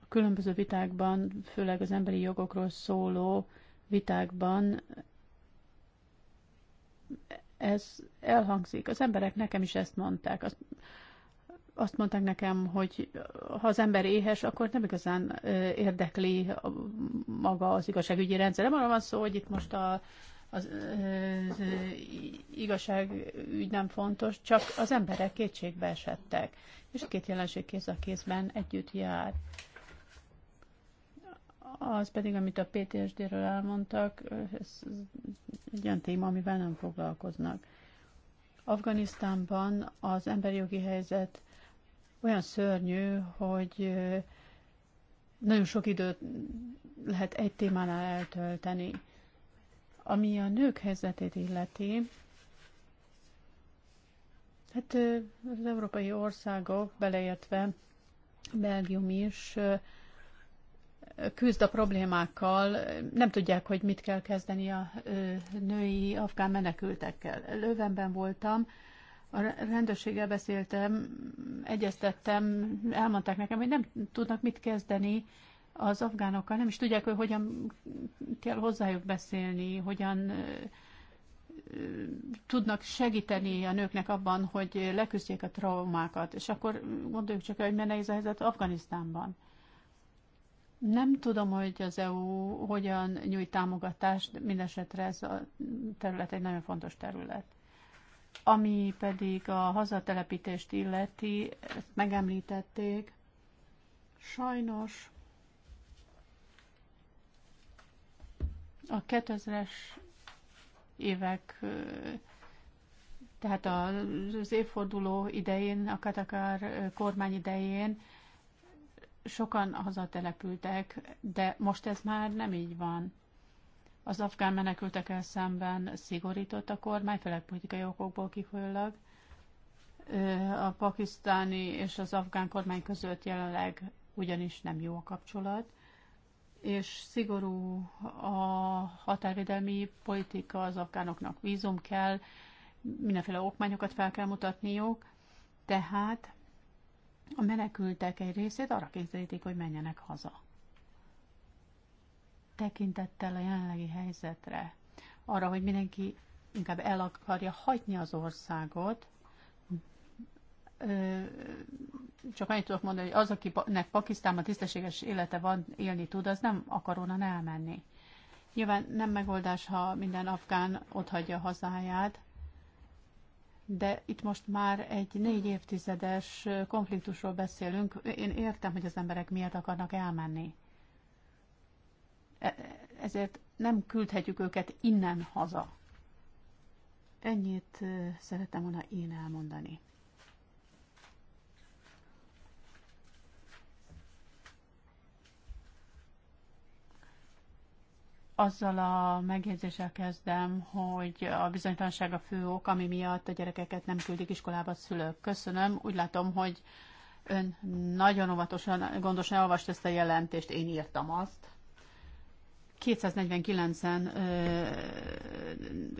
A különböző vitákban, főleg az emberi jogokról szóló vitákban ez elhangzik. Az emberek nekem is ezt mondták. Azt, azt mondták nekem, hogy ha az ember éhes, akkor nem igazán érdekli maga az igazságügyi rendszer. Nem arra van szó, hogy itt most a, az, az igazságügy nem fontos, csak az emberek kétségbe esettek. És a két jelenség kéz a kézben együtt jár. Az pedig, amit a PTSD-ről elmondtak, ez egy olyan téma, amivel nem foglalkoznak. Afganisztánban az emberi jogi helyzet olyan szörnyű, hogy nagyon sok időt lehet egy témánál eltölteni. Ami a nők helyzetét illeti, hát az európai országok, beleértve Belgium is, küzd a problémákkal, nem tudják, hogy mit kell kezdeni a női afgán menekültekkel. Lővenben voltam, a rendőrséggel beszéltem, egyeztettem, elmondták nekem, hogy nem tudnak mit kezdeni az afgánokkal, nem is tudják, hogy hogyan kell hozzájuk beszélni, hogyan tudnak segíteni a nőknek abban, hogy leküzdjék a traumákat. És akkor gondoljuk csak, hogy milyen ez a helyzet Afganisztánban. Nem tudom, hogy az EU hogyan nyújt támogatást, mindesetre ez a terület egy nagyon fontos terület. Ami pedig a hazatelepítést illeti, ezt megemlítették, sajnos a 2000-es évek, tehát az évforduló idején, a Katakár kormány idején sokan hazatelepültek, de most ez már nem így van. Az afgán menekültekkel szemben szigorított a kormány, főleg politikai okokból kifolyólag. A pakisztáni és az afgán kormány között jelenleg ugyanis nem jó a kapcsolat, és szigorú a határvédelmi politika, az afgánoknak vízum kell, mindenféle okmányokat fel kell mutatniuk, tehát a menekültek egy részét arra kényszerítik, hogy menjenek haza. Tekintettel a jelenlegi helyzetre, arra, hogy mindenki inkább el akarja hagyni az országot, csak annyit tudok mondani, hogy az, akinek Pakisztánban tisztességes élete van, élni tud, az nem akar onnan elmenni. Nyilván nem megoldás, ha minden afgán hagyja hazáját, de itt most már egy négy évtizedes konfliktusról beszélünk. Én értem, hogy az emberek miért akarnak elmenni. E- ezért nem küldhetjük őket innen haza. Ennyit eh, szerettem volna én elmondani. Azzal a megjegyzéssel kezdem, hogy a bizonytalanság a fő ok, ami miatt a gyerekeket nem küldik iskolába a szülők. Köszönöm. Úgy látom, hogy ön nagyon óvatosan, gondosan elolvasta ezt a jelentést, én írtam azt. 249-en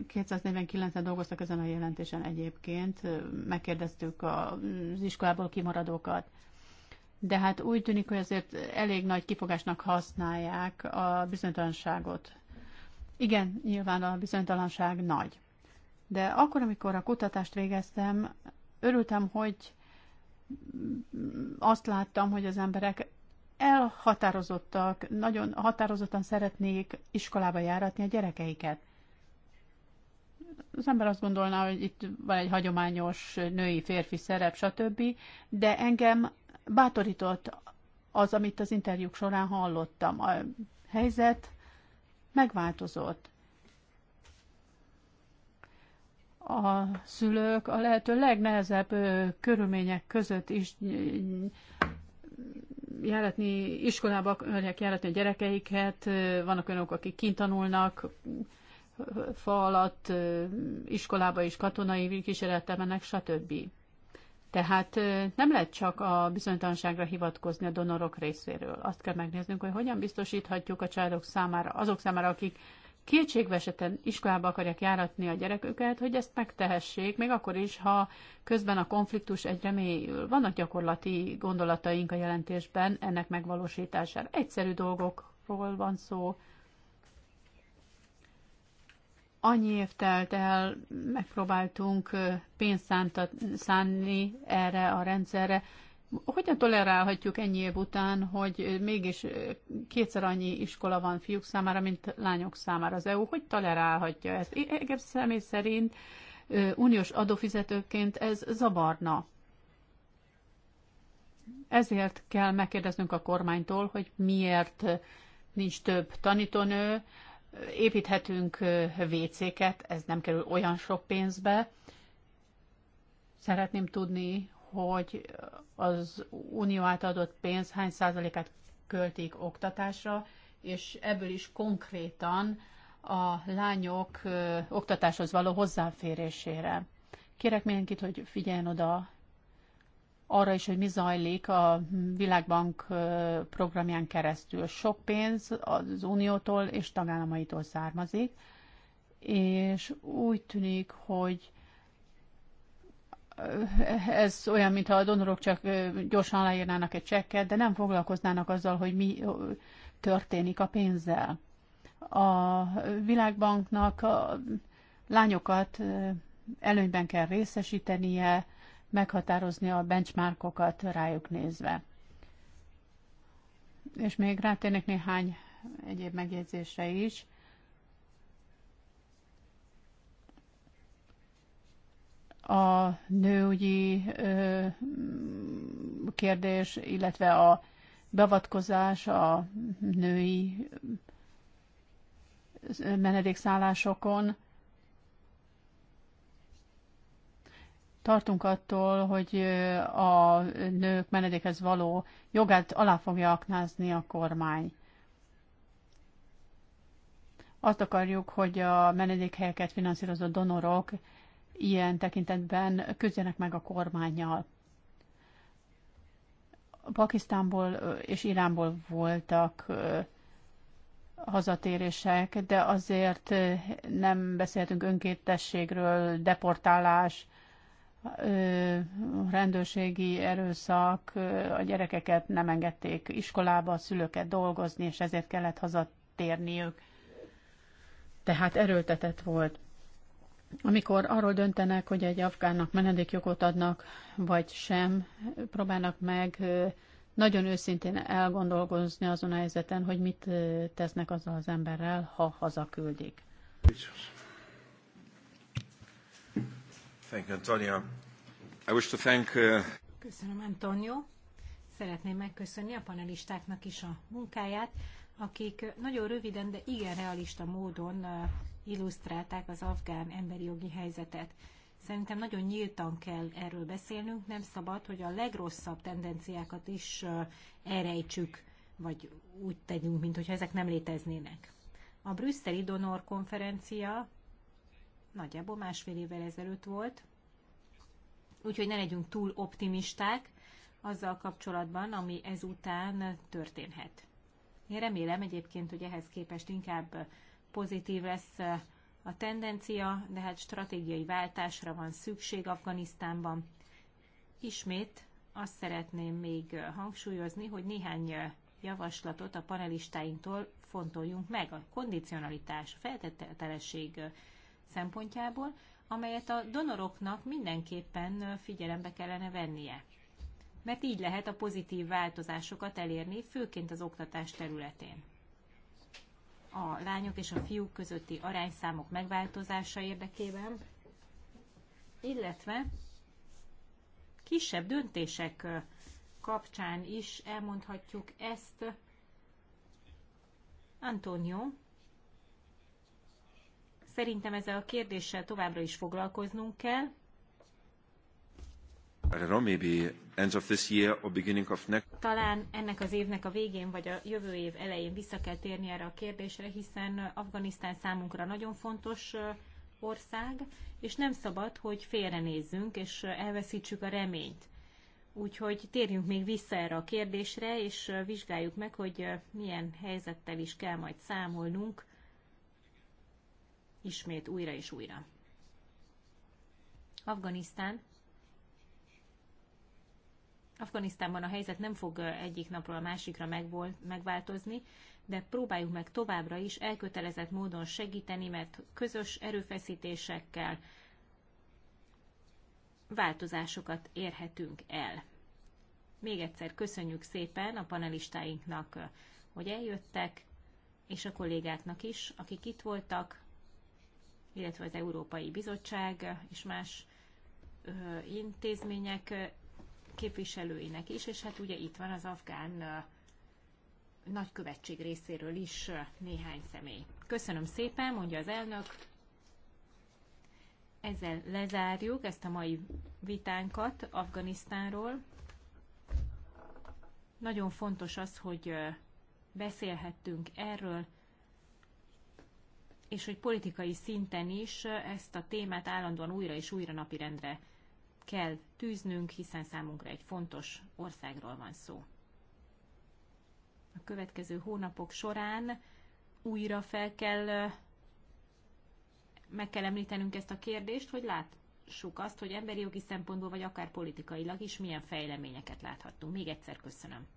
249 dolgoztak ezen a jelentésen egyébként, megkérdeztük az iskolából kimaradókat de hát úgy tűnik, hogy azért elég nagy kifogásnak használják a bizonytalanságot. Igen, nyilván a bizonytalanság nagy. De akkor, amikor a kutatást végeztem, örültem, hogy azt láttam, hogy az emberek elhatározottak, nagyon határozottan szeretnék iskolába járatni a gyerekeiket. Az ember azt gondolná, hogy itt van egy hagyományos női-férfi szerep, stb., de engem bátorított az, amit az interjúk során hallottam. A helyzet megváltozott. A szülők a lehető legnehezebb körülmények között is járatni, iskolába akarják járatni a gyerekeiket, vannak olyanok, akik kint tanulnak, fa alatt, iskolába is katonai kísérletel mennek, stb. Tehát nem lehet csak a bizonytalanságra hivatkozni a donorok részéről. Azt kell megnéznünk, hogy hogyan biztosíthatjuk a családok számára, azok számára, akik kétségveseten iskolába akarják járatni a gyereküket, hogy ezt megtehessék, még akkor is, ha közben a konfliktus egyre mélyül. Vannak gyakorlati gondolataink a jelentésben ennek megvalósítására. Egyszerű dolgokról van szó, annyi év telt el, megpróbáltunk pénzt szántat, szánni erre a rendszerre. Hogyan tolerálhatjuk ennyi év után, hogy mégis kétszer annyi iskola van fiúk számára, mint lányok számára az EU? Hogy tolerálhatja ezt? Egyéb személy szerint uniós adófizetőként ez zavarna. Ezért kell megkérdeznünk a kormánytól, hogy miért nincs több tanítónő, építhetünk WC-ket, ez nem kerül olyan sok pénzbe. Szeretném tudni, hogy az unió által adott pénz hány százalékát költik oktatásra, és ebből is konkrétan a lányok oktatáshoz való hozzáférésére. Kérek mindenkit, hogy figyeljen oda arra is, hogy mi zajlik a Világbank programján keresztül. Sok pénz az Uniótól és tagállamaitól származik, és úgy tűnik, hogy ez olyan, mintha a donorok csak gyorsan leírnának egy csekket, de nem foglalkoznának azzal, hogy mi történik a pénzzel. A Világbanknak a lányokat előnyben kell részesítenie, meghatározni a benchmarkokat rájuk nézve. És még rátérnek néhány egyéb megjegyzésre is. A nőügyi ö, kérdés, illetve a beavatkozás a női menedékszállásokon tartunk attól, hogy a nők menedékhez való jogát alá fogja aknázni a kormány. Azt akarjuk, hogy a menedékhelyeket finanszírozó donorok ilyen tekintetben küzdjenek meg a kormányjal. Pakisztánból és Iránból voltak hazatérések, de azért nem beszéltünk önkéntességről, deportálás, rendőrségi erőszak, a gyerekeket nem engedték iskolába, a szülőket dolgozni, és ezért kellett hazatérniük. Tehát erőltetett volt. Amikor arról döntenek, hogy egy afgánnak menedékjogot adnak, vagy sem, próbálnak meg nagyon őszintén elgondolkozni azon a helyzeten, hogy mit tesznek azzal az emberrel, ha hazaküldik. Köszönöm. Thank you, Antonio. I wish to thank, uh... Köszönöm, Antonio. Szeretném megköszönni a panelistáknak is a munkáját, akik nagyon röviden, de igen realista módon uh, illusztrálták az afgán emberi jogi helyzetet. Szerintem nagyon nyíltan kell erről beszélnünk, nem szabad, hogy a legrosszabb tendenciákat is uh, elrejtsük, vagy úgy tegyünk, mintha ezek nem léteznének. A brüsszeli donor konferencia nagyjából másfél évvel ezelőtt volt. Úgyhogy ne legyünk túl optimisták azzal kapcsolatban, ami ezután történhet. Én remélem egyébként, hogy ehhez képest inkább pozitív lesz a tendencia, de hát stratégiai váltásra van szükség Afganisztánban. Ismét azt szeretném még hangsúlyozni, hogy néhány javaslatot a panelistáinktól fontoljunk meg. A kondicionalitás, a feltételesség szempontjából, amelyet a donoroknak mindenképpen figyelembe kellene vennie. Mert így lehet a pozitív változásokat elérni, főként az oktatás területén. A lányok és a fiúk közötti arányszámok megváltozása érdekében, illetve kisebb döntések kapcsán is elmondhatjuk ezt. Antonio Szerintem ezzel a kérdéssel továbbra is foglalkoznunk kell. Talán ennek az évnek a végén vagy a jövő év elején vissza kell térni erre a kérdésre, hiszen Afganisztán számunkra nagyon fontos ország, és nem szabad, hogy félrenézzünk, és elveszítsük a reményt. Úgyhogy térjünk még vissza erre a kérdésre, és vizsgáljuk meg, hogy milyen helyzettel is kell majd számolnunk ismét újra és újra. Afganisztán. Afganisztánban a helyzet nem fog egyik napról a másikra megváltozni, de próbáljuk meg továbbra is elkötelezett módon segíteni, mert közös erőfeszítésekkel változásokat érhetünk el. Még egyszer köszönjük szépen a panelistáinknak, hogy eljöttek, és a kollégáknak is, akik itt voltak, illetve az Európai Bizottság és más intézmények képviselőinek is, és hát ugye itt van az afgán nagykövetség részéről is néhány személy. Köszönöm szépen, mondja az elnök. Ezzel lezárjuk ezt a mai vitánkat Afganisztánról. Nagyon fontos az, hogy beszélhettünk erről, és hogy politikai szinten is ezt a témát állandóan újra és újra napirendre kell tűznünk, hiszen számunkra egy fontos országról van szó. A következő hónapok során újra fel kell, meg kell említenünk ezt a kérdést, hogy lássuk azt, hogy emberi jogi szempontból, vagy akár politikailag is milyen fejleményeket láthattunk. Még egyszer köszönöm.